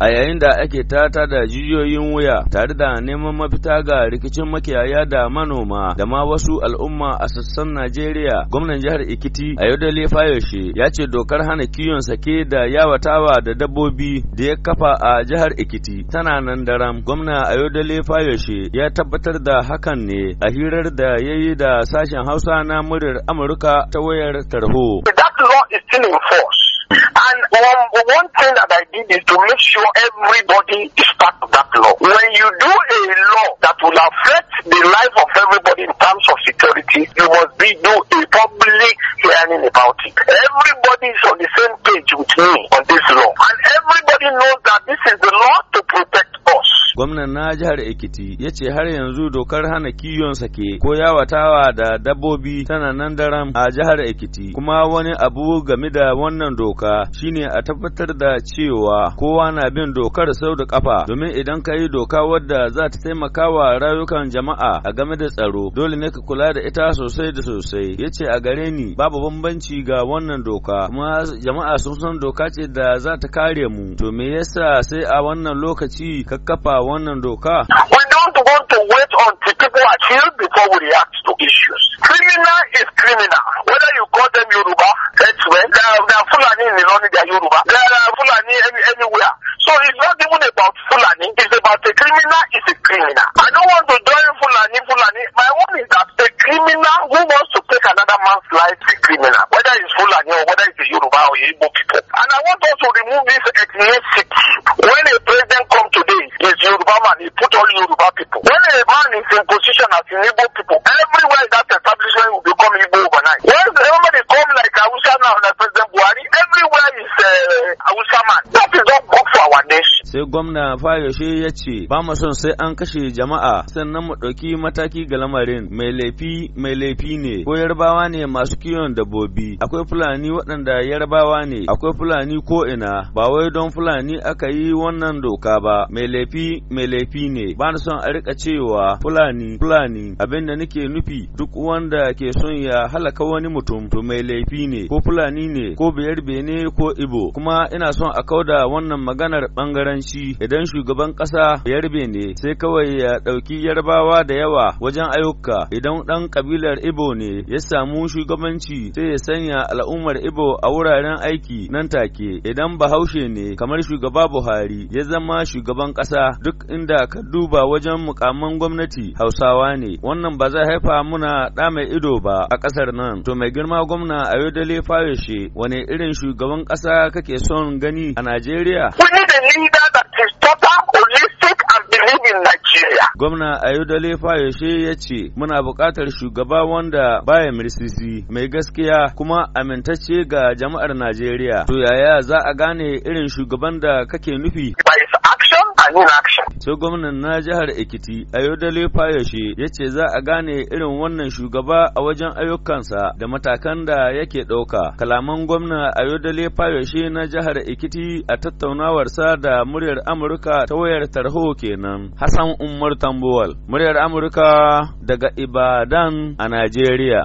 a yayin da ake tata da jijiyoyin wuya tare da neman mafita ga rikicin makiyaya da manoma da ma wasu al'umma a sassan Najeriya gwamnan jihar Ekiti Ayodele Fayoshe ya ce dokar hana kiwon sake da yawatawa da dabbobi da ya kafa a jihar ikiti tana nan daram gwamna Ayodele Fayoshe ya tabbatar da hakan ne a hirar da ya yi da sashen Hausa na muryar Amurka ta wayar tarho. That law is still in force. one, one thing that I did is to make sure everybody is part of that law. When you do a law that will affect the life of everybody in terms of security, you must be do a public hearing about it. Everybody is on the same page with me on this law. And everybody knows that this is the law gwamnan na jihar Ekiti ya ce har yanzu dokar hana kiwon sake ko yawatawa da dabbobi tana nan daram a jihar Ekiti kuma wani abu game da wannan doka shine a tabbatar da cewa kowa na bin dokar sau da kafa domin idan ka yi doka wadda za ta taimaka wa rayukan jama'a a game da tsaro dole ne ka kula da ita sosai da sosai ya ce a gare ni babu bambanci ga wannan doka kuma jama'a sun san doka ce da za ta kare mu to me yasa sai a wannan lokaci ka kafa wannan doka? We don't want to wait until people are killed before we react to issues. Criminal is criminal. Whether you call them Yoruba, headsmen, they are, they are Fulani in Ilani, they are Yoruba. are Fulani any, anywhere. So it's not even about Fulani, it's about a criminal is a criminal. I don't want to join Fulani, Fulani. My own is that a criminal who wants to take another man's life is a criminal, whether it's Fulani or whether it's Yoruba or Igbo people. And I want us to remove this ethnicity. When a president man he put all Yoruba people. When a man is in position as an Igbo people, everywhere that establishment will become Igbo overnight. Once somebody come like Awusa now, like President Buhari, everywhere is uh, Awusa man. sai gwamna fayoshe ya ce ba mu son sai an kashe jama'a sannan mu ɗauki mataki ga lamarin mai laifi mai laifi ne ko yarbawa ne masu kiwon dabbobi akwai fulani waɗanda yarbawa ne akwai fulani ko ina ba wai don fulani aka yi wannan doka ba mai laifi mai laifi ne ba na son a rika cewa fulani fulani abinda nake nufi duk wanda ke son ya halaka wani mutum to mai laifi ne ko fulani ne ko biyar bene ko ibo kuma ina son a kauda wannan maganar bangaren idan shugaban ƙasa Yarbe ne sai kawai ya ɗauki Yarbawa da yawa wajen ayyuka idan ɗan kabilar Ibo ne ya samu shugabanci sai ya sanya al'ummar Ibo a wuraren aiki nan take idan Bahaushe ne kamar shugaba Buhari ya zama shugaban ƙasa duk inda ka duba wajen mukaman gwamnati Hausawa ne wannan ba zai haifa muna da mai ido ba a ƙasar nan to mai girma gwamna Ayodele Fayoshe wane irin shugaban ƙasa kake son gani a Najeriya? mudin Najeriya. Gwamna Ayodele Fayoshe ya ce muna buƙatar shugaba wanda baya mirsisi mai gaskiya kuma amintacce ga jama'ar Najeriya. To yaya za a gane irin shugaban da kake nufi? So, Sai gwamnan na jihar Ekiti Ayodele Fayoshe ya ce za a gane irin wannan shugaba a wajen ayyukansa da matakan da yake ɗauka. Kalaman gwamna Ayodele Fayoshe na jihar Ekiti a tattaunawarsa da muryar Amurka ta wayar tarho kenan. Hassan Umar Tambuwal, muryar Amurka daga Ibadan a Najeriya.